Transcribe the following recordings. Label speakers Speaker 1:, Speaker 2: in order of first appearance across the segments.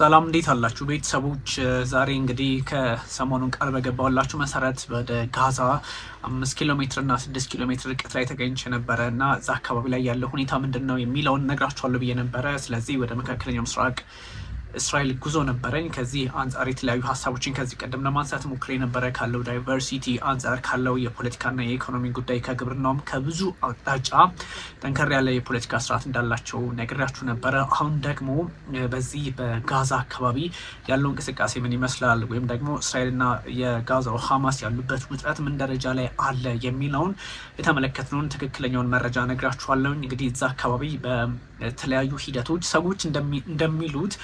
Speaker 1: ሰላም እንዴት አላችሁ ቤተሰቦች? ዛሬ እንግዲህ ከሰሞኑን ቃል በገባሁላችሁ መሰረት ወደ ጋዛ አምስት ኪሎ ሜትር እና ስድስት ኪሎ ሜትር ርቀት ላይ ተገኝቼ ነበረ እና እዛ አካባቢ ላይ ያለው ሁኔታ ምንድን ነው የሚለውን ነግራችኋለሁ ብዬ ነበረ። ስለዚህ ወደ መካከለኛው ምስራቅ እስራኤል ጉዞ ነበረኝ። ከዚህ አንጻር የተለያዩ ሀሳቦችን ከዚህ ቀደም ለማንሳት ሞክሬ ነበረ። ካለው ዳይቨርሲቲ አንጻር ካለው የፖለቲካና የኢኮኖሚ ጉዳይ ከግብርናውም ከብዙ አቅጣጫ ጠንከር ያለ የፖለቲካ ስርዓት እንዳላቸው ነግሬያችሁ ነበረ። አሁን ደግሞ በዚህ በጋዛ አካባቢ ያለው እንቅስቃሴ ምን ይመስላል ወይም ደግሞ እስራኤልና የጋዛው ሀማስ ያሉበት ውጥረት ምን ደረጃ ላይ አለ የሚለውን የተመለከትነውን ትክክለኛውን መረጃ ነግራችኋለሁ። እንግዲህ እዛ አካባቢ በተለያዩ ሂደቶች ሰዎች እንደሚሉት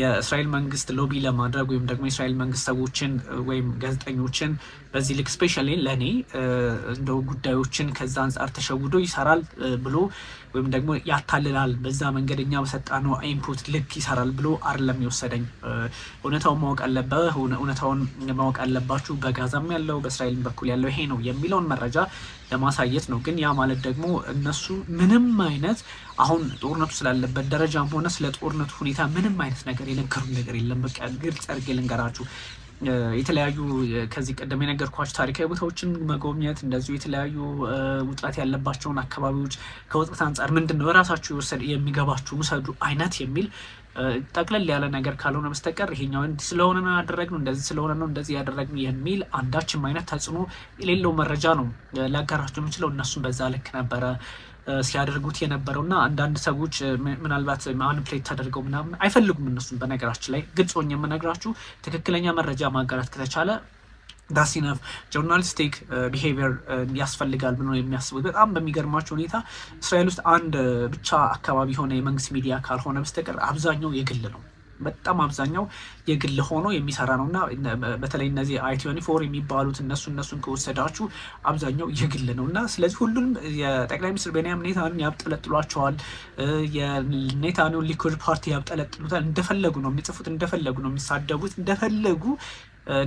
Speaker 1: የእስራኤል መንግስት ሎቢ ለማድረግ ወይም ደግሞ የእስራኤል መንግስት ሰዎችን ወይም ጋዜጠኞችን በዚህ ልክ ስፔሻሊ ለእኔ እንደው ጉዳዮችን ከዛ አንጻር ተሸውዶ ይሰራል ብሎ ወይም ደግሞ ያታልላል፣ በዛ መንገደኛ ነው ኢንፑት ልክ ይሰራል ብሎ አይደለም የወሰደኝ። እውነታውን ማወቅ አለበ እውነታውን ማወቅ አለባችሁ። በጋዛም ያለው በእስራኤል በኩል ያለው ይሄ ነው የሚለውን መረጃ ለማሳየት ነው። ግን ያ ማለት ደግሞ እነሱ ምንም አይነት አሁን ጦርነቱ ስላለበት ደረጃም ሆነ ስለ ጦርነቱ ሁኔታ ምንም አይነት ነገር የነገሩን ነገር የለም። በቃ ግልጽ አድርጌ ልንገራችሁ የተለያዩ ከዚህ ቀደም የነገርኳቸው ታሪካዊ ቦታዎችን መጎብኘት እንደዚሁ የተለያዩ ውጥረት ያለባቸውን አካባቢዎች ከውጥረት አንጻር ምንድን ነው ራሳችሁ የሚገባችሁ ውሰዱ አይነት የሚል ጠቅለል ያለ ነገር ካልሆነ በስተቀር ይሄኛው ስለሆነ ነው ያደረግነው፣ እንደዚህ ስለሆነ ነው እንደዚህ ያደረግነው የሚል አንዳችም አይነት ተጽዕኖ የሌለው መረጃ ነው ላጋራቸው የምችለው። እነሱም በዛ ልክ ነበረ ሲያደርጉት የነበረውና አንዳንድ ሰዎች ምናልባት ማኒፕሌት ተደርገው ምናምን አይፈልጉም። እነሱም በነገራችን ላይ ግልጽ ሆኜ የምነግራችሁ ትክክለኛ መረጃ ማጋራት ከተቻለ ዳሲነፍ ጆርናሊስቲክ ቢሄቪየር ያስፈልጋል ብሎ የሚያስቡት በጣም በሚገርማቸው ሁኔታ እስራኤል ውስጥ አንድ ብቻ አካባቢ የሆነ የመንግስት ሚዲያ ካልሆነ በስተቀር አብዛኛው የግል ነው። በጣም አብዛኛው የግል ሆኖ የሚሰራ ነው እና በተለይ እነዚህ አይ ትዌንቲ ፎር የሚባሉት እነሱ እነሱን ከወሰዳችሁ አብዛኛው የግል ነው እና ስለዚህ ሁሉንም የጠቅላይ ሚኒስትር ቤንያም ኔታንን ያብጠለጥሏቸዋል። የኔታንን ሊኩድ ፓርቲ ያብጠለጥሉታል። እንደፈለጉ ነው የሚጽፉት፣ እንደፈለጉ ነው የሚሳደቡት፣ እንደፈለጉ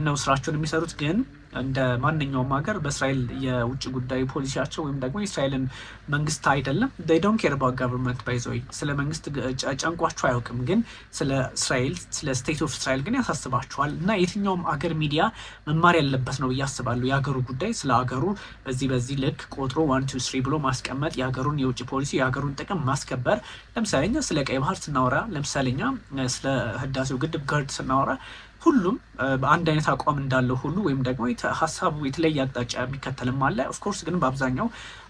Speaker 1: ነው ስራቸውን የሚሰሩት። ግን እንደ ማንኛውም ሀገር በእስራኤል የውጭ ጉዳይ ፖሊሲያቸው ወይም ደግሞ የእስራኤልን መንግስት አይደለም ዶን ኬር ባ ጋቨርንመንት ባይዘይ ስለ መንግስት ጨንቋቸው አያውቅም። ግን ስለ እስራኤል ስለ ስቴት ኦፍ እስራኤል ግን ያሳስባቸዋል እና የትኛውም አገር ሚዲያ መማር ያለበት ነው እያስባሉ አስባለሁ። የሀገሩ ጉዳይ ስለ ሀገሩ በዚህ በዚህ ልክ ቆጥሮ ዋን ቱ ስሪ ብሎ ማስቀመጥ የሀገሩን የውጭ ፖሊሲ የሀገሩን ጥቅም ማስከበር። ለምሳሌ ስለ ቀይ ባህር ስናወራ፣ ለምሳሌኛ ስለ ህዳሴው ግድብ ገርድ ስናወራ ሁሉም አንድ አይነት አቋም እንዳለው ሁሉ ወይም ደግሞ ሀሳቡ የተለየ አቅጣጫ የሚከተልም አለ። ኦፍኮርስ ግን በአብዛኛው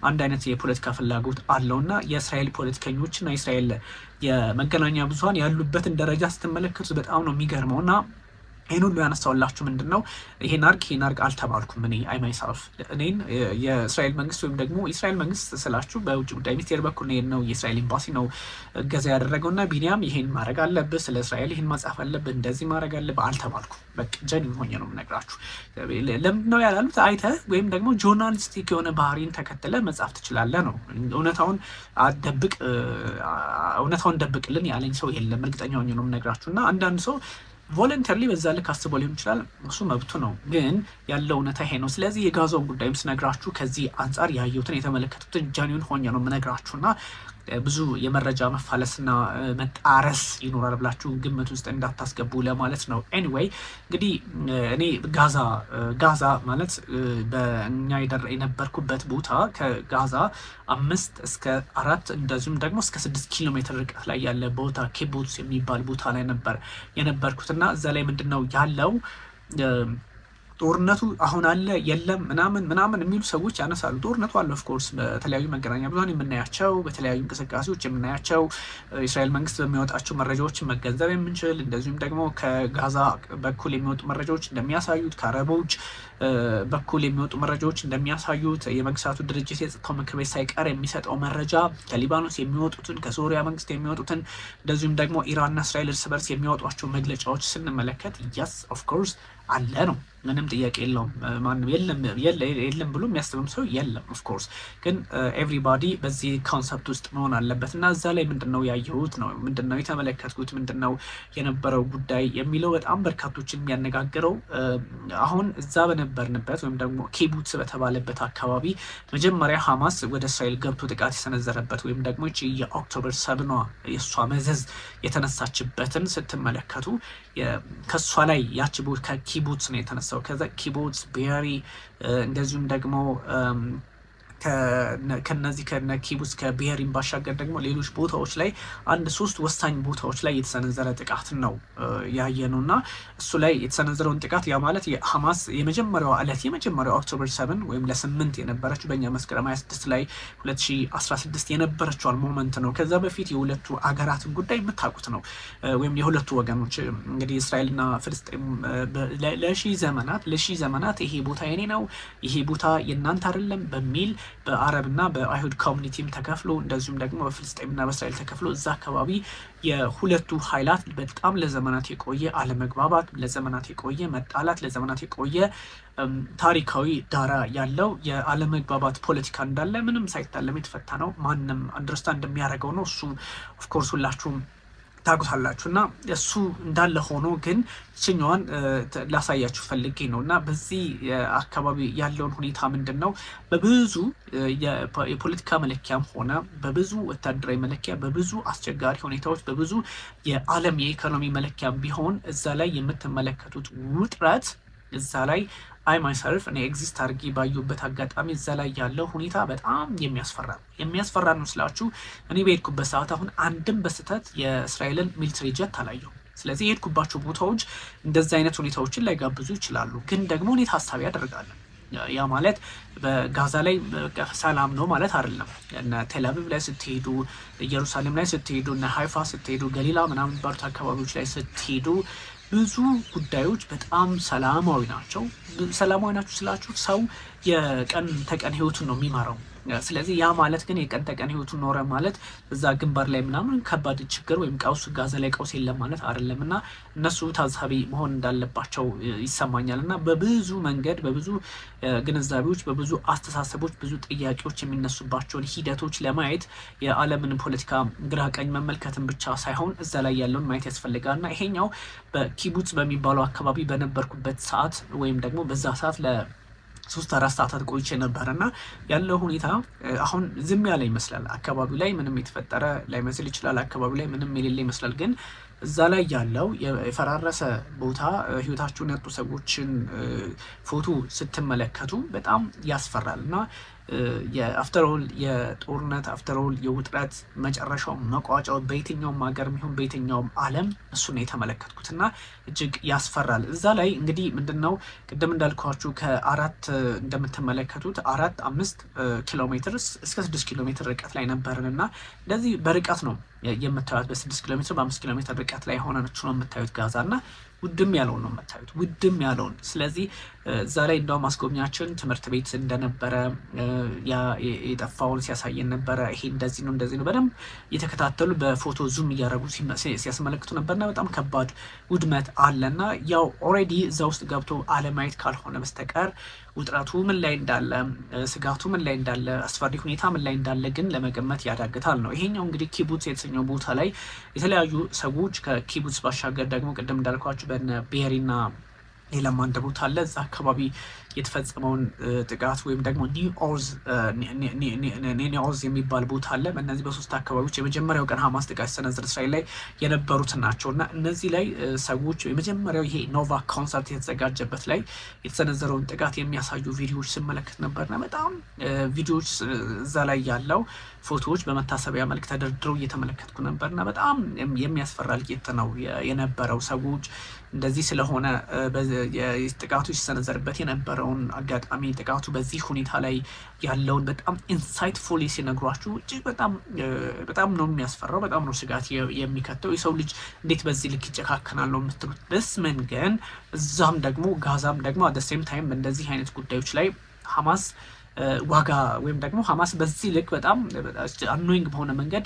Speaker 1: አንድ አይነት የፖለቲካ ፍላጎት አለው እና የእስራኤል ፖለቲከኞች እና የእስራኤል የመገናኛ ብዙሀን ያሉበትን ደረጃ ስትመለከቱት በጣም ነው የሚገርመው እና ይህን ሁሉ ያነሳውላችሁ ምንድን ነው? ይሄን አርግ ይሄን አርግ አልተባልኩም። እኔ አይማይሰልፍ እኔን የእስራኤል መንግስት ወይም ደግሞ የእስራኤል መንግስት ስላችሁ በውጭ ጉዳይ ሚኒስቴር በኩል ነው ነው የእስራኤል ኤምባሲ ነው እገዛ ያደረገው እና ቢኒያም ይሄን ማድረግ አለብህ፣ ስለ እስራኤል ይሄን ማጻፍ አለብህ፣ እንደዚህ ማድረግ አለብህ አልተባልኩም። በቃ ጀን ሆኜ ነው የምነግራችሁ። ለምንድን ነው ያላሉት? አይተህ ወይም ደግሞ ጆርናሊስቲክ የሆነ ባህሪን ተከትለ መጻፍ ትችላለህ ነው። እውነታውን አትደብቅ፣ እውነታውን ደብቅልን ያለኝ ሰው የለም። እርግጠኛ ሆኜ ነው የምነግራችሁ እና አንዳንድ ሰው ቮለንተርሊ በዛ ልክ አስቦ ሊሆን ይችላል። እሱ መብቱ ነው፣ ግን ያለው እውነታ ይሄ ነው። ስለዚህ የጋዞን ጉዳይም ስነግራችሁ ከዚህ አንጻር ያየሁትን የተመለከቱትን ጃኒውን ሆኜ ነው የምነግራችሁና ብዙ የመረጃ መፋለስና መጣረስ ይኖራል ብላችሁ ግምት ውስጥ እንዳታስገቡ ለማለት ነው። ኤኒዌይ እንግዲህ እኔ ጋዛ ጋዛ ማለት በእኛ የነበርኩበት ቦታ ከጋዛ አምስት እስከ አራት እንደዚሁም ደግሞ እስከ ስድስት ኪሎ ሜትር ርቀት ላይ ያለ ቦታ ኬቦትስ የሚባል ቦታ ላይ ነበር የነበርኩትና እዛ ላይ ምንድን ነው ያለው ጦርነቱ አሁን አለ የለም ምናምን ምናምን የሚሉ ሰዎች ያነሳሉ። ጦርነቱ አለ ኦፍኮርስ፣ በተለያዩ መገናኛ ብዙኃን የምናያቸው በተለያዩ እንቅስቃሴዎች የምናያቸው እስራኤል መንግስት በሚያወጣቸው መረጃዎችን መገንዘብ የምንችል እንደዚሁም ደግሞ ከጋዛ በኩል የሚወጡ መረጃዎች እንደሚያሳዩት ከአረቦች በኩል የሚወጡ መረጃዎች እንደሚያሳዩት የመንግስታቱ ድርጅት የጸጥታው ምክር ቤት ሳይቀር የሚሰጠው መረጃ ከሊባኖስ የሚወጡትን ከሶሪያ መንግስት የሚወጡትን እንደዚሁም ደግሞ ኢራንና እስራኤል እርስ በርስ የሚያወጧቸው መግለጫዎች ስንመለከት የስ ኦፍኮርስ አለ ነው። ምንም ጥያቄ የለውም። ማንም የለም ብሎ የሚያስብም ሰው የለም። ኦፍኮርስ ግን ኤቭሪባዲ በዚህ ኮንሰፕት ውስጥ መሆን አለበት እና እዛ ላይ ምንድነው ያየሁት ነው ምንድነው የተመለከትኩት ነው የነበረው ጉዳይ የሚለው በጣም በርካቶችን የሚያነጋግረው አሁን እዛ በነበርንበት ወይም ደግሞ ኪቡትስ በተባለበት አካባቢ መጀመሪያ ሀማስ ወደ እስራኤል ገብቶ ጥቃት የሰነዘረበት ወይም ደግሞ የኦክቶበር ሰብኗ የእሷ መዘዝ የተነሳችበትን ስትመለከቱ ከእሷ ላይ ያች ከኪቡትስ ነው የተነሳ የተነሳው ከዛ ኪቦርድስ ቢሪ እንደዚሁም ደግሞ ከነዚህ ከነ ኪቡስ ከብሄሪን ባሻገር ደግሞ ሌሎች ቦታዎች ላይ አንድ ሶስት ወሳኝ ቦታዎች ላይ የተሰነዘረ ጥቃት ነው ነው እና እሱ ላይ የተሰነዘረውን ጥቃት ያ ማለት ሀማስ የመጀመሪያው ዕለት የመጀመሪያው ኦክቶበር ሰብን ወይም ለስምንት የነበረችው በእኛ መስከረም 26 ላይ 2016 የነበረችዋል ሞመንት ነው። ከዛ በፊት የሁለቱ አገራትን ጉዳይ የምታውቁት ነው። ወይም የሁለቱ ወገኖች እንግዲህ እስራኤልና ፍልስጤም ለሺ ዘመናት ለሺ ዘመናት ይሄ ቦታ የኔ ነው፣ ይሄ ቦታ የእናንተ አይደለም በሚል በአረብና በአይሁድ ኮሚኒቲም ተከፍሎ እንደዚሁም ደግሞ በፍልስጤምና በእስራኤል ተከፍሎ እዛ አካባቢ የሁለቱ ኃይላት በጣም ለዘመናት የቆየ አለመግባባት፣ ለዘመናት የቆየ መጣላት፣ ለዘመናት የቆየ ታሪካዊ ዳራ ያለው የአለመግባባት ፖለቲካ እንዳለ ምንም ሳይታለም የተፈታ ነው። ማንም አንደርስታንድ እንደሚያደርገው ነው። እሱም ኦፍኮርስ ሁላችሁም ታጉታላችሁ እና እሱ እንዳለ ሆኖ ግን ችኛዋን ላሳያችሁ ፈልጌ ነው እና በዚህ አካባቢ ያለውን ሁኔታ ምንድን ነው በብዙ የፖለቲካ መለኪያም ሆነ በብዙ ወታደራዊ መለኪያ በብዙ አስቸጋሪ ሁኔታዎች በብዙ የዓለም የኢኮኖሚ መለኪያም ቢሆን እዛ ላይ የምትመለከቱት ውጥረት እዛ ላይ አይ ማይሰልፍ እኔ ኤግዚስት አድርጌ ባየሁበት አጋጣሚ እዛ ላይ ያለው ሁኔታ በጣም የሚያስፈራ ነው። የሚያስፈራ ነው ስላችሁ እኔ በሄድኩበት ሰዓት አሁን አንድም በስህተት የእስራኤልን ሚሊትሪ ጀት አላየሁም። ስለዚህ የሄድኩባቸው ቦታዎች እንደዚህ አይነት ሁኔታዎችን ላይጋብዙ ይችላሉ። ግን ደግሞ እኔ ታሳቢ አደርጋለሁ። ያ ማለት በጋዛ ላይ ሰላም ነው ማለት አይደለም። እነ ቴልአቪቭ ላይ ስትሄዱ፣ ኢየሩሳሌም ላይ ስትሄዱ፣ እነ ሀይፋ ስትሄዱ፣ ገሊላ ምናምን ባሉት አካባቢዎች ላይ ስትሄዱ ብዙ ጉዳዮች በጣም ሰላማዊ ናቸው። ሰላማዊ ናቸው ስላችሁ ሰው የቀን ተቀን ህይወቱን ነው የሚመራው። ስለዚህ ያ ማለት ግን የቀን ተቀን ህይወቱ ኖረ ማለት እዛ ግንባር ላይ ምናምን ከባድ ችግር ወይም ቀውስ ጋዛ ላይ ቀውስ የለም ማለት አይደለም እና እነሱ ታዛቢ መሆን እንዳለባቸው ይሰማኛል እና በብዙ መንገድ በብዙ ግንዛቤዎች በብዙ አስተሳሰቦች ብዙ ጥያቄዎች የሚነሱባቸውን ሂደቶች ለማየት የዓለምን ፖለቲካ ግራ ቀኝ መመልከትን ብቻ ሳይሆን እዛ ላይ ያለውን ማየት ያስፈልጋል እና ይሄኛው በኪቡትስ በሚባለው አካባቢ በነበርኩበት ሰዓት ወይም ደግሞ በዛ ሰዓት ሶስት አራት ሰዓታት ቆይቼ ነበር እና ያለው ሁኔታ አሁን ዝም ያለ ይመስላል። አካባቢው ላይ ምንም የተፈጠረ ላይመስል ይችላል። አካባቢው ላይ ምንም የሌለ ይመስላል ግን እዛ ላይ ያለው የፈራረሰ ቦታ ህይወታቸውን ያጡ ሰዎችን ፎቶ ስትመለከቱ በጣም ያስፈራል እና የአፍተሮል የጦርነት አፍተሮል የውጥረት መጨረሻው መቋጫው በየትኛውም ሀገር ሚሆን በየትኛውም ዓለም እሱ ነው የተመለከትኩት እና እጅግ ያስፈራል። እዛ ላይ እንግዲህ ምንድን ነው ቅድም እንዳልኳችሁ ከአራት እንደምትመለከቱት አራት አምስት ኪሎ ሜትር እስከ ስድስት ኪሎ ሜትር ርቀት ላይ ነበርን እና እንደዚህ በርቀት ነው የምታዩት በስድስት ኪሎ ሜትር በአምስት ኪሎ ሜትር ርቀት ላይ ሆነች ነው የምታዩት ጋዛ እና ውድም ያለውን ነው የምታዩት ውድም ያለውን። ስለዚህ እዛ ላይ እንደውም አስጎብኛችን ትምህርት ቤት እንደነበረ የጠፋውን ሲያሳየን ነበረ። ይሄ እንደዚህ ነው እንደዚህ ነው በደንብ የተከታተሉ በፎቶ ዙም እያደረጉ ሲያስመለክቱ ነበርና በጣም ከባድ ውድመት አለና ያው ኦልሬዲ እዛ ውስጥ ገብቶ አለማየት ካልሆነ በስተቀር ውጥረቱ ምን ላይ እንዳለ፣ ስጋቱ ምን ላይ እንዳለ፣ አስፈሪ ሁኔታ ምን ላይ እንዳለ ግን ለመገመት ያዳግታል ነው። ይሄኛው እንግዲህ ኪቡትስ የተሰኘው ቦታ ላይ የተለያዩ ሰዎች ከኪቡትስ ባሻገር ደግሞ ቅድም እንዳልኳቸው በነ ቤሪና ሌላም አንድ ቦታ አለ። እዛ አካባቢ የተፈጸመውን ጥቃት ወይም ደግሞ ኒኦዝ የሚባል ቦታ አለ። እነዚህ በሶስት አካባቢዎች የመጀመሪያው ቀን ሀማስ ጥቃት ሲሰነዝር እስራኤል ላይ የነበሩት ናቸው እና እነዚህ ላይ ሰዎች የመጀመሪያው ይሄ ኖቫ ኮንሰርት የተዘጋጀበት ላይ የተሰነዘረውን ጥቃት የሚያሳዩ ቪዲዮዎች ስመለከት ነበርና በጣም ቪዲዮዎች እዛ ላይ ያለው ፎቶዎች በመታሰቢያ መልክ ተደርድረው እየተመለከትኩ ነበርና በጣም የሚያስፈራ ልቄት ነው የነበረው ሰዎች እንደዚህ ስለሆነ ጥቃቱ ሲሰነዘርበት የነበረውን አጋጣሚ ጥቃቱ በዚህ ሁኔታ ላይ ያለውን በጣም ኢንሳይትፉሊ ሲነግሯችሁ እጅግ በጣም ነው የሚያስፈራው፣ በጣም ነው ስጋት የሚከተው። የሰው ልጅ እንዴት በዚህ ልክ ይጨካከናል ነው የምትሉት። ደስ ግን እዛም ደግሞ ጋዛም ደግሞ አደሴም ታይም እንደዚህ አይነት ጉዳዮች ላይ ሀማስ ዋጋ ወይም ደግሞ ሀማስ በዚህ ልክ በጣም አኖይንግ በሆነ መንገድ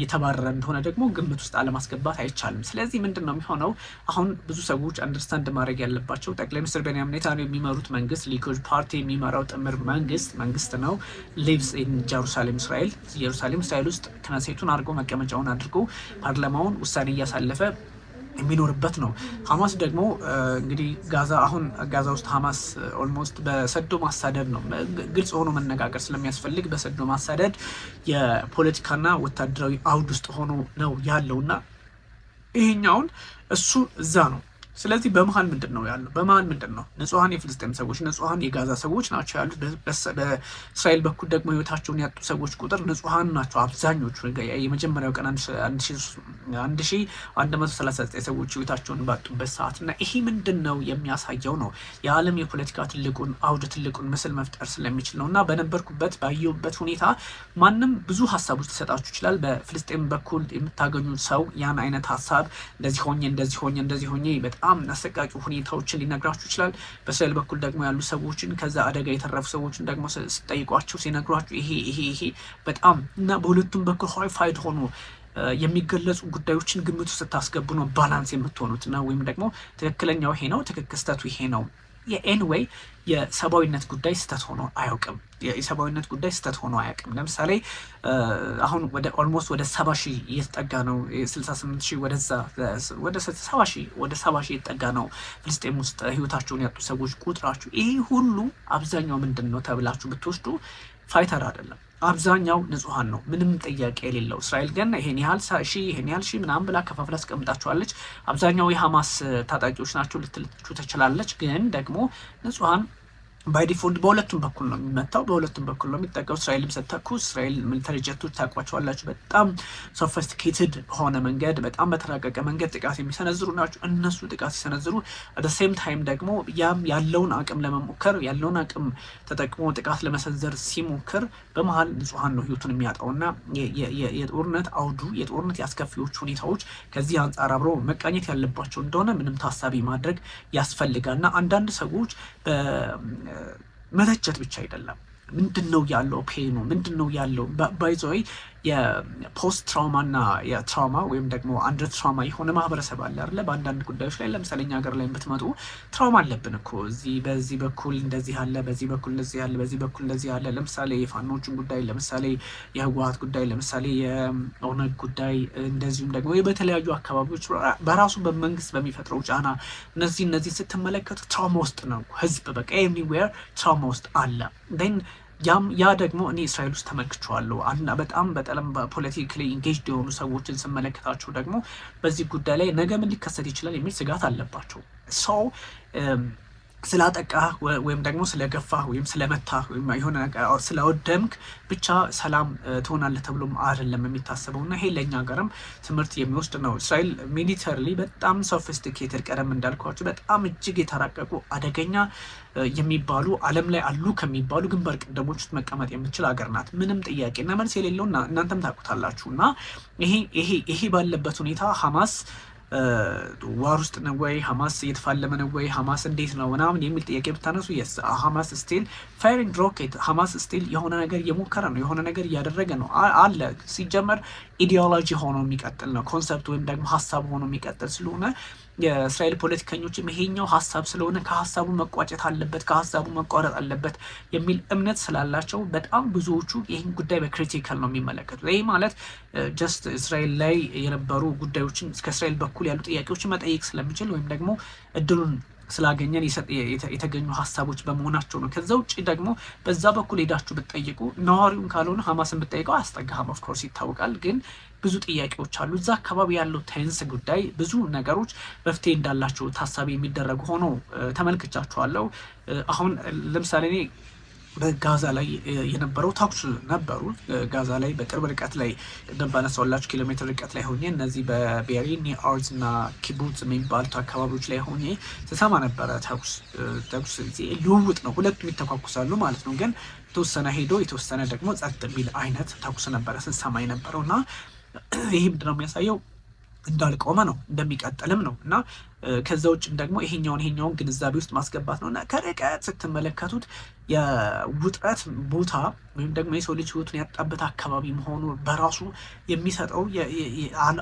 Speaker 1: የተባረረ እንደሆነ ደግሞ ግምት ውስጥ አለማስገባት አይቻልም። ስለዚህ ምንድን ነው የሚሆነው? አሁን ብዙ ሰዎች አንደርስታንድ ማድረግ ያለባቸው ጠቅላይ ሚኒስትር ቤንያሚን ኔታንያሁ የሚመሩት መንግስት ሊኩድ ፓርቲ የሚመራው ጥምር መንግስት መንግስት ነው። ሊቭስ ኢን ጀሩሳሌም እስራኤል ኢየሩሳሌም እስራኤል ውስጥ ክነሴቱን አድርጎ መቀመጫውን አድርጎ ፓርላማውን ውሳኔ እያሳለፈ የሚኖርበት ነው። ሀማስ ደግሞ እንግዲህ ጋዛ አሁን ጋዛ ውስጥ ሀማስ ኦልሞስት በሰዶ ማሳደድ ነው። ግልጽ ሆኖ መነጋገር ስለሚያስፈልግ በሰዶ ማሳደድ የፖለቲካና ወታደራዊ አውድ ውስጥ ሆኖ ነው ያለውና ይሄኛውን እሱ እዛ ነው ስለዚህ በመሀል ምንድን ነው ያለው? በመሀል ምንድን ነው ንጹሐን የፍልስጤም ሰዎች ንጹሐን የጋዛ ሰዎች ናቸው ያሉት። በእስራኤል በኩል ደግሞ ህይወታቸውን ያጡ ሰዎች ቁጥር ንጹሐን ናቸው አብዛኞቹ። የመጀመሪያው ቀን 1139 ሺ መቶ ሰዎች ህይወታቸውን ባጡበት ሰዓት እና ይሄ ምንድን ነው የሚያሳየው ነው የዓለም የፖለቲካ ትልቁን አውድ ትልቁን ምስል መፍጠር ስለሚችል ነው። እና በነበርኩበት ባየሁበት ሁኔታ ማንም ብዙ ሀሳቦች ሊሰጣችሁ ይችላል። በፍልስጤም በኩል የምታገኙ ሰው ያን አይነት ሀሳብ እንደዚህ ሆኜ እንደዚህ ሆኜ እንደዚህ ሆኜ በጣም በጣም አሰቃቂ ሁኔታዎችን ሊነግራችሁ ይችላል። በእስራኤል በኩል ደግሞ ያሉ ሰዎችን ከዛ አደጋ የተረፉ ሰዎችን ደግሞ ስጠይቋቸው ሲነግሯቸው ይሄ ይሄ ይሄ በጣም እና በሁለቱም በኩል ሆሪፋይድ ሆኖ የሚገለጹ ጉዳዮችን ግምቱ ስታስገቡ ነው ባላንስ የምትሆኑት እና ወይም ደግሞ ትክክለኛው ይሄ ነው፣ ትክክል ክስተቱ ይሄ ነው የኤኒዌይ የሰብአዊነት ጉዳይ ስህተት ሆኖ አያውቅም። የሰብአዊነት ጉዳይ ስህተት ሆኖ አያውቅም። ለምሳሌ አሁን ወደ ኦልሞስት ወደ ሰባ ሺህ እየተጠጋ ነው፣ ስልሳ ስምንት ሺህ ወደዛ ወደ ሰባ ሺህ ወደ ሰባ ሺህ እየተጠጋ ነው ፍልስጤም ውስጥ ህይወታቸውን ያጡ ሰዎች ቁጥራችሁ። ይህ ሁሉ አብዛኛው ምንድን ነው ተብላችሁ ብትወስዱ ፋይተር አይደለም አብዛኛው ንጹሐን ነው፣ ምንም ጥያቄ የሌለው። እስራኤል ግን ይሄን ያህል ሺ ይሄን ያህል ሺ ምናምን ብላ ከፋፍላ አስቀምጣችኋለች። አብዛኛው የሀማስ ታጣቂዎች ናቸው ልትልቹ ትችላለች፣ ግን ደግሞ ንጹሐን ባይዲፎልት በሁለቱም በኩል ነው የሚመታው፣ በሁለቱም በኩል ነው የሚጠቀው። እስራኤልም ስታኩ እስራኤል ሚሊተሪ ጀቶች ታውቋቸዋላችሁ። በጣም ሶፊስቲኬትድ በሆነ መንገድ በጣም በተራቀቀ መንገድ ጥቃት የሚሰነዝሩ ናቸው። እነሱ ጥቃት ሲሰነዝሩ ሴም ታይም ደግሞ ያም ያለውን አቅም ለመሞከር ያለውን አቅም ተጠቅሞ ጥቃት ለመሰንዘር ሲሞክር በመሀል ንጹሐን ነው ህይወቱን የሚያጣውና የጦርነት አውዱ የጦርነት የአስከፊዎች ሁኔታዎች ከዚህ አንጻር አብሮ መቃኘት ያለባቸው እንደሆነ ምንም ታሳቢ ማድረግ ያስፈልጋል እና አንዳንድ ሰዎች መተቸት ብቻ አይደለም። ምንድን ነው ያለው ፔኑ ምንድን ነው ያለው ባይዘወይ የፖስት ትራውማ እና የትራውማ ወይም ደግሞ አንድ ትራውማ የሆነ ማህበረሰብ አለ አለ በአንዳንድ ጉዳዮች ላይ ለምሳሌ እኛ ሀገር ላይ ብትመጡ ትራውማ አለብን እኮ እዚህ በዚህ በኩል እንደዚህ አለ፣ በዚህ በኩል እንደዚህ አለ፣ በዚህ በኩል እንደዚህ አለ። ለምሳሌ የፋኖችን ጉዳይ፣ ለምሳሌ የህወሀት ጉዳይ፣ ለምሳሌ የኦነግ ጉዳይ እንደዚሁም ደግሞ በተለያዩ አካባቢዎች በራሱ በመንግስት በሚፈጥረው ጫና እነዚህ እነዚህ ስትመለከቱ ትራውማ ውስጥ ነው ህዝብ በቃ ኤኒዌር ትራውማ ውስጥ አለ ን ያም ያ ደግሞ እኔ እስራኤል ውስጥ ተመልክቼዋለሁ። አና በጣም በጠለም በፖለቲካሊ ኢንጌጅድ የሆኑ ሰዎችን ስመለከታቸው ደግሞ በዚህ ጉዳይ ላይ ነገ ምን ሊከሰት ይችላል የሚል ስጋት አለባቸው ሰው um, ስላጠቃህ ወይም ደግሞ ስለገፋህ ወይም ስለመታህ ወይም የሆነ ስለወደምክ ብቻ ሰላም ትሆናለህ ተብሎም አይደለም የሚታሰበው እና ይሄ ለእኛ ሀገርም ትምህርት የሚወስድ ነው። እስራኤል ሚሊተርሊ በጣም ሶፊስቲኬትድ ቀደም እንዳልኳቸው በጣም እጅግ የተራቀቁ አደገኛ የሚባሉ ዓለም ላይ አሉ ከሚባሉ ግንባር ቀደሞች ውስጥ መቀመጥ የምችል ሀገር ናት። ምንም ጥያቄ እና መልስ የሌለው እናንተም ታውቁታላችሁ። እና ይሄ ባለበት ሁኔታ ሀማስ ዋር ውስጥ ነው ወይ ሀማስ እየተፋለመ ነው ወይ ሀማስ እንዴት ነው ምናምን የሚል ጥያቄ ብታነሱ የስ ሀማስ ስቲል ፋይሪንግ ሮኬት ሀማስ ስቲል የሆነ ነገር የሞከረ ነው የሆነ ነገር እያደረገ ነው አለ ሲጀመር ኢዲዮሎጂ ሆኖ የሚቀጥል ነው ኮንሰፕት ወይም ደግሞ ሀሳብ ሆኖ የሚቀጥል ስለሆነ የእስራኤል ፖለቲከኞችም ይሄኛው ሀሳብ ስለሆነ ከሀሳቡ መቋጨት አለበት፣ ከሀሳቡ መቋረጥ አለበት የሚል እምነት ስላላቸው በጣም ብዙዎቹ ይህን ጉዳይ በክሪቲካል ነው የሚመለከቱት። ይህ ማለት ጀስት እስራኤል ላይ የነበሩ ጉዳዮችን ከእስራኤል በኩል ያሉ ጥያቄዎችን መጠየቅ ስለሚችል ወይም ደግሞ እድሉን ስላገኘን የተገኙ ሀሳቦች በመሆናቸው ነው። ከዛ ውጭ ደግሞ በዛ በኩል ሄዳችሁ ብትጠይቁ ነዋሪውን ካልሆነ ሀማስን ብትጠይቀው አያስጠጋህም። ኦፍኮርስ ይታወቃል ግን ብዙ ጥያቄዎች አሉ። እዛ አካባቢ ያለው ቴንስ ጉዳይ ብዙ ነገሮች መፍትሄ እንዳላቸው ታሳቢ የሚደረጉ ሆኖ ተመልክቻቸዋለሁ። አሁን ለምሳሌ እኔ በጋዛ ላይ የነበረው ተኩስ ነበሩ። ጋዛ ላይ በቅርብ ርቀት ላይ ቅድም ባነሳሁላችሁ ኪሎ ሜትር ርቀት ላይ ሆኜ እነዚህ በቤሪኒ አርዝ እና ኪቡት የሚባሉት አካባቢዎች ላይ ሆኜ ስሰማ ነበረ ተኩስ ተኩስ ልውውጥ ነው። ሁለቱም ይተኳኩሳሉ ማለት ነው። ግን የተወሰነ ሄዶ የተወሰነ ደግሞ ጸጥ የሚል አይነት ተኩስ ነበረ ስንሰማ የነበረው እና ይህ ምንድነው የሚያሳየው እንዳልቆመ ነው እንደሚቀጥልም ነው እና ከዛ ውጭም ደግሞ ይሄኛውን ይሄኛውን ግንዛቤ ውስጥ ማስገባት ነው እና ከርቀት ስትመለከቱት የውጥረት ቦታ ወይም ደግሞ የሰው ልጅ ህይወቱን ያጣበት አካባቢ መሆኑ በራሱ የሚሰጠው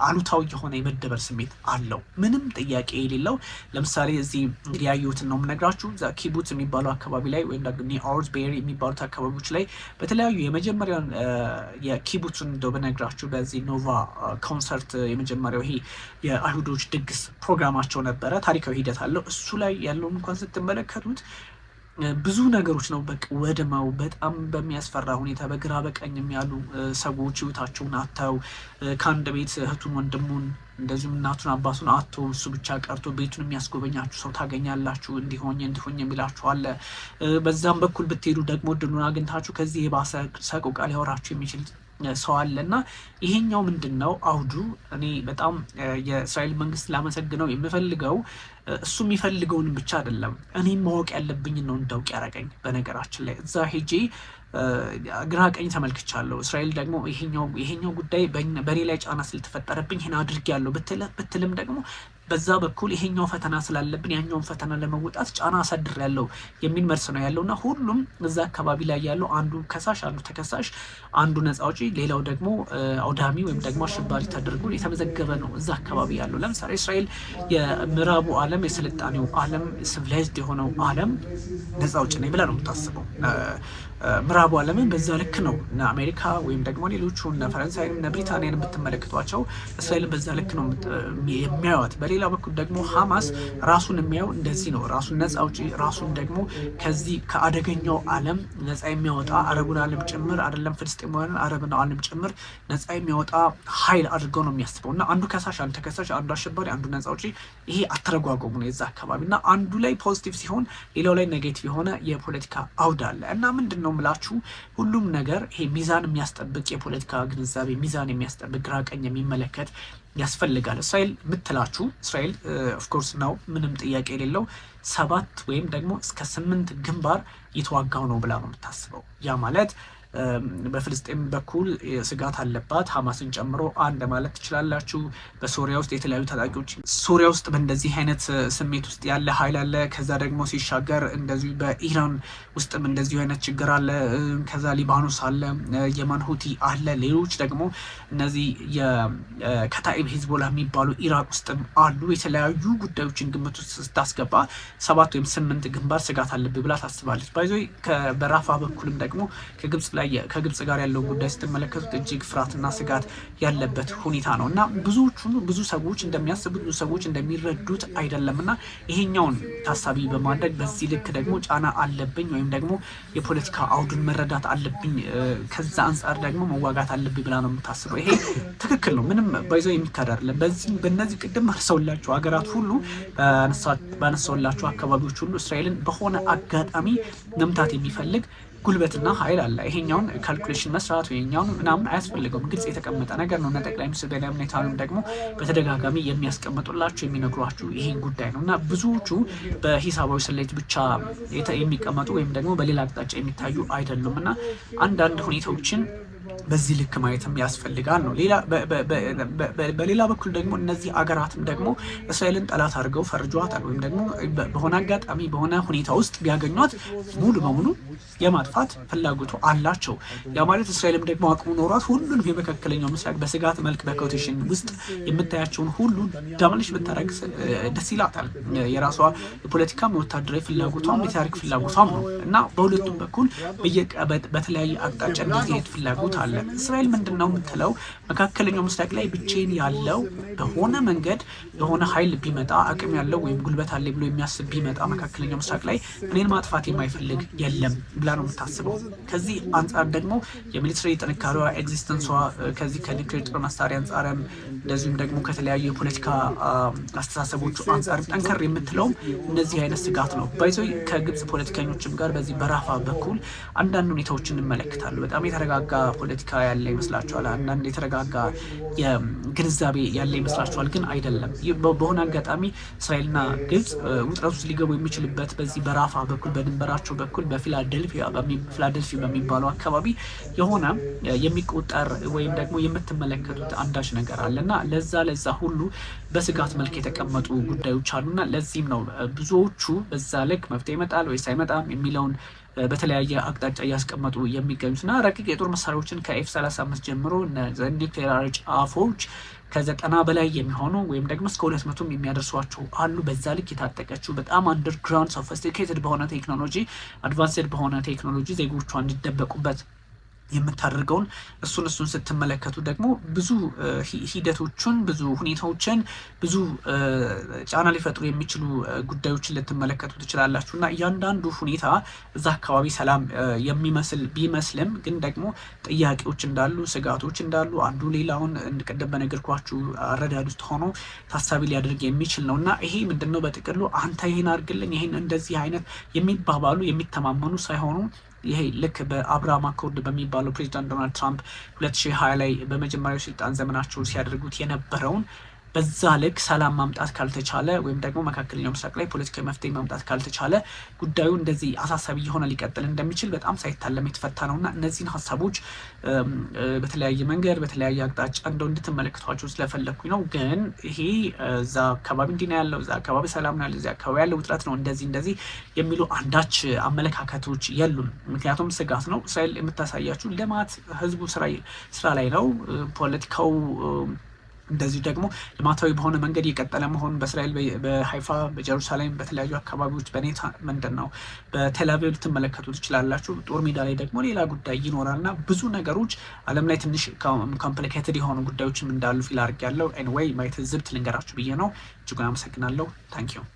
Speaker 1: አሉታዊ የሆነ የመደበር ስሜት አለው፣ ምንም ጥያቄ የሌለው። ለምሳሌ እዚህ እንግዲህ ያየሁትን ነው የምነግራችሁ። ኪቡት የሚባለው አካባቢ ላይ ወይም ደግሞ ኒአውዝ ቤሪ የሚባሉት አካባቢዎች ላይ በተለያዩ የመጀመሪያውን የኪቡትን እንደው በነግራችሁ በዚህ ኖቫ ኮንሰርት የመጀመሪያው ይሄ የአይሁዶች ድግስ ፕሮግራማቸው ነበረ። ታሪካዊ ሂደት አለው። እሱ ላይ ያለውን እንኳን ስትመለከቱት ብዙ ነገሮች ነው በቃ ወድመው በጣም በሚያስፈራ ሁኔታ በግራ በቀኝም ያሉ ሰዎች ህይወታቸውን አጥተው ከአንድ ቤት እህቱን ወንድሙን እንደዚሁም እናቱን አባቱን አቶ እሱ ብቻ ቀርቶ ቤቱን የሚያስጎበኛችሁ ሰው ታገኛላችሁ። እንዲሆኝ እንዲሆኝ የሚላችሁ አለ። በዛም በኩል ብትሄዱ ደግሞ ድሉን አግኝታችሁ ከዚህ የባሰ ሰቆቃ ሊያወራችሁ የሚችል ሰው አለ እና ይሄኛው ምንድን ነው አውዱ? እኔ በጣም የእስራኤል መንግስት ላመሰግነው የምፈልገው እሱ የሚፈልገውን ብቻ አይደለም፣ እኔም ማወቅ ያለብኝን ነው እንዳውቅ ያደረገኝ። በነገራችን ላይ እዛ ሄጄ ግራ ቀኝ ተመልክቻለሁ። እስራኤል ደግሞ ይሄኛው ጉዳይ በእኔ ላይ ጫና ስለተፈጠረብኝ ይህን አድርጌያለሁ ብትልም ደግሞ በዛ በኩል ይሄኛው ፈተና ስላለብን ያኛውን ፈተና ለመወጣት ጫና አሳድር ያለው የሚል መልስ ነው ያለው እና ሁሉም እዛ አካባቢ ላይ ያለው አንዱ ከሳሽ፣ አንዱ ተከሳሽ፣ አንዱ ነፃ አውጪ፣ ሌላው ደግሞ አውዳሚ ወይም ደግሞ አሸባሪ ተደርጎ የተመዘገበ ነው እዛ አካባቢ ያለው። ለምሳሌ እስራኤል የምዕራቡ ዓለም የስልጣኔው ዓለም ሲቪላይዝድ የሆነው ዓለም ነፃ አውጪ ነኝ ብላ ነው የምታስበው። ምዕራቡ ዓለምን በዛ ልክ ነው። እነ አሜሪካ ወይም ደግሞ ሌሎቹ እነ ፈረንሳይን እነ ብሪታንያን የምትመለከቷቸው እስራኤልን በዛ ልክ ነው የሚያዩት። በሌላ በኩል ደግሞ ሀማስ ራሱን የሚያየው እንደዚህ ነው። ራሱን ነጻ አውጪ፣ ራሱን ደግሞ ከዚህ ከአደገኛው ዓለም ነጻ የሚያወጣ አረቡን ዓለም ጭምር አይደለም ፍልስጤማውያን አረብን ዓለም ጭምር ነጻ የሚያወጣ ኃይል አድርገው ነው የሚያስበው እና አንዱ ከሳሽ፣ አንዱ ተከሳሽ፣ አንዱ አሸባሪ፣ አንዱ ነጻ አውጪ። ይሄ አተረጓጎሙ ነው የዛ አካባቢ እና አንዱ ላይ ፖዚቲቭ ሲሆን ሌላው ላይ ኔጌቲቭ የሆነ የፖለቲካ አውድ አለ እና ምንድን ነው ነው ምላችሁ። ሁሉም ነገር ይሄ ሚዛን የሚያስጠብቅ የፖለቲካ ግንዛቤ ሚዛን የሚያስጠብቅ ግራቀኝ የሚመለከት ያስፈልጋል። እስራኤል የምትላችሁ እስራኤል ኦፍኮርስ ነው ምንም ጥያቄ የሌለው ሰባት ወይም ደግሞ እስከ ስምንት ግንባር የተዋጋው ነው ብላ ነው የምታስበው ያ ማለት በፍልስጤም በኩል ስጋት አለባት ሀማስን ጨምሮ አንድ ማለት ትችላላችሁ። በሶሪያ ውስጥ የተለያዩ ታጣቂዎች ሶሪያ ውስጥ በእንደዚህ አይነት ስሜት ውስጥ ያለ ሀይል አለ። ከዛ ደግሞ ሲሻገር እንደዚሁ በኢራን ውስጥም እንደዚሁ አይነት ችግር አለ። ከዛ ሊባኖስ አለ፣ የመን ሁቲ አለ። ሌሎች ደግሞ እነዚህ የከታኢብ ሂዝቦላ የሚባሉ ኢራቅ ውስጥም አሉ። የተለያዩ ጉዳዮችን ግምት ውስጥ ስታስገባ ሰባት ወይም ስምንት ግንባር ስጋት አለብ ብላ ታስባለች። ባይዞ በራፋ በኩልም ደግሞ ከግብጽ ላይ ከግብጽ ጋር ያለው ጉዳይ ስትመለከቱት እጅግ ፍርሃትና ስጋት ያለበት ሁኔታ ነው እና ብዙዎቹ ብዙ ሰዎች እንደሚያስቡት ብዙ ሰዎች እንደሚረዱት አይደለም እና ይሄኛውን ታሳቢ በማድረግ በዚህ ልክ ደግሞ ጫና አለብኝ ወይም ደግሞ የፖለቲካ አውዱን መረዳት አለብኝ ከዛ አንጻር ደግሞ መዋጋት አለብኝ ብላ ነው የምታስበው። ይሄ ትክክል ነው። ምንም ባይዘው የሚካድ አይደለም። በዚህ በእነዚህ ቅድም አነሳውላቸው ሀገራት ሁሉ ባነሳውላቸው አካባቢዎች ሁሉ እስራኤልን በሆነ አጋጣሚ መምታት የሚፈልግ ጉልበትና ኃይል አለ። ይሄኛውን ካልኩሌሽን መስራት ይሄኛውን ምናምን አያስፈልገውም። ግልጽ የተቀመጠ ነገር ነው እና ጠቅላይ ሚኒስትር ቤንያሚን ኔታንያሁም ደግሞ በተደጋጋሚ የሚያስቀምጡላችሁ የሚነግሯችሁ ይሄን ጉዳይ ነው እና ብዙዎቹ በሂሳባዊ ስሌት ብቻ የሚቀመጡ ወይም ደግሞ በሌላ አቅጣጫ የሚታዩ አይደሉም እና አንዳንድ ሁኔታዎችን በዚህ ልክ ማየትም ያስፈልጋል ነው። በሌላ በኩል ደግሞ እነዚህ አገራትም ደግሞ እስራኤልን ጠላት አድርገው ፈርጇታል ወይም ደግሞ በሆነ አጋጣሚ በሆነ ሁኔታ ውስጥ ቢያገኟት ሙሉ በሙሉ የማጥፋት ፍላጎቱ አላቸው። ያ ማለት እስራኤልም ደግሞ አቅሙ ኖሯት ሁሉን የመካከለኛው ምስራቅ በስጋት መልክ በኮቴሽን ውስጥ የምታያቸውን ሁሉ ዳመልሽ ብታረግ ደስ ይላታል። የራሷ የፖለቲካም የወታደራዊ ፍላጎቷም የታሪክ ፍላጎቷም ነው እና በሁለቱም በኩል በተለያየ አቅጣጫ እንደዚህ ፍላጎት አለ። እንችላለን። እስራኤል ምንድን ነው የምትለው? መካከለኛው ምስራቅ ላይ ብቻዬን ያለው በሆነ መንገድ የሆነ ኃይል ቢመጣ አቅም ያለው ወይም ጉልበት አለ ብሎ የሚያስብ ቢመጣ መካከለኛው ምስራቅ ላይ እኔን ማጥፋት የማይፈልግ የለም ብላ ነው የምታስበው። ከዚህ አንጻር ደግሞ የሚሊትሪ ጥንካሬዋ ኤግዚስተንሷ ከዚህ ከኒክሌር ጦር መሳሪያ አንጻርም እንደዚሁም ደግሞ ከተለያዩ የፖለቲካ አስተሳሰቦቹ አንጻር ጠንከር የምትለውም እነዚህ አይነት ስጋት ነው። ባይዞ ከግብፅ ፖለቲከኞችም ጋር በዚህ በራፋ በኩል አንዳንድ ሁኔታዎችን እንመለከታለን። በጣም የተረጋጋ ፖለቲካ ፖለቲካ ያለ ይመስላችኋል። አንዳንድ የተረጋጋ ግንዛቤ ያለ ይመስላችኋል፣ ግን አይደለም። በሆነ አጋጣሚ እስራኤልና ግብጽ ውጥረት ውስጥ ሊገቡ የሚችልበት በዚህ በራፋ በኩል በድንበራቸው በኩል በፊላደልፊ በሚባለው አካባቢ የሆነ የሚቆጠር ወይም ደግሞ የምትመለከቱት አንዳች ነገር አለ እና ለዛ ለዛ ሁሉ በስጋት መልክ የተቀመጡ ጉዳዮች አሉና ለዚህም ነው ብዙዎቹ በዛ ልክ መፍትሄ ይመጣል ወይስ አይመጣም የሚለውን በተለያየ አቅጣጫ እያስቀመጡ የሚገኙትና ረቂቅ የጦር መሳሪያዎችን ከኤፍ 35 ጀምሮ ኒውክሌር አፎች ከዘጠና በላይ የሚሆኑ ወይም ደግሞ እስከ ሁለት መቶም የሚያደርሷቸው አሉ። በዛ ልክ የታጠቀችው በጣም አንደርግራውንድ ሶፊስቲኬትድ በሆነ ቴክኖሎጂ አድቫንስድ በሆነ ቴክኖሎጂ ዜጎቿ እንዲደበቁበት የምታደርገውን እሱን እሱን ስትመለከቱ ደግሞ ብዙ ሂደቶችን ብዙ ሁኔታዎችን ብዙ ጫና ሊፈጥሩ የሚችሉ ጉዳዮችን ልትመለከቱ ትችላላችሁ እና እያንዳንዱ ሁኔታ እዛ አካባቢ ሰላም የሚመስል ቢመስልም ግን ደግሞ ጥያቄዎች እንዳሉ፣ ስጋቶች እንዳሉ አንዱ ሌላውን ቅድም በነገርኳችሁ አረዳድ ውስጥ ሆኖ ታሳቢ ሊያደርግ የሚችል ነው እና ይሄ ምንድነው በጥቅሉ አንተ ይህን አድርግልኝ ይህን እንደዚህ አይነት የሚባባሉ የሚተማመኑ ሳይሆኑ ይሄ ልክ በአብርሃም አኮርድ በሚባለው ፕሬዚዳንት ዶናልድ ትራምፕ 2020 ላይ በመጀመሪያው ስልጣን ዘመናቸው ሲያደርጉት የነበረውን በዛ ልክ ሰላም ማምጣት ካልተቻለ ወይም ደግሞ መካከለኛው ምስራቅ ላይ ፖለቲካዊ መፍትሄ ማምጣት ካልተቻለ ጉዳዩ እንደዚህ አሳሳቢ እየሆነ ሊቀጥል እንደሚችል በጣም ሳይታለም የተፈታ ነው እና እነዚህን ሀሳቦች በተለያየ መንገድ በተለያየ አቅጣጫ እንደው እንድትመለከቷቸው ስለፈለግኩኝ ነው። ግን ይሄ እዛ አካባቢ እንዲህ ነው ያለው፣ እዛ አካባቢ ሰላም ነው ያለ፣ እዚያ አካባቢ ያለው ውጥረት ነው እንደዚህ እንደዚህ የሚሉ አንዳች አመለካከቶች የሉም። ምክንያቱም ስጋት ነው። እስራኤል የምታሳያችሁ ልማት ህዝቡ ስራ ላይ ነው ፖለቲካው እንደዚሁ ደግሞ ልማታዊ በሆነ መንገድ የቀጠለ መሆኑን በእስራኤል በሀይፋ በጀሩሳሌም በተለያዩ አካባቢዎች በኔታ ምንድን ነው በቴላቪቭ ልትመለከቱ ትችላላችሁ። ጦር ሜዳ ላይ ደግሞ ሌላ ጉዳይ ይኖራል እና ብዙ ነገሮች ዓለም ላይ ትንሽ ኮምፕሊኬትድ የሆኑ ጉዳዮችም እንዳሉ ፊል አድርጌያለሁ። ኤኒዌይ ማየት ዝብት ልንገራችሁ ብዬ ነው። እጅጉን አመሰግናለሁ። ታንኪዩ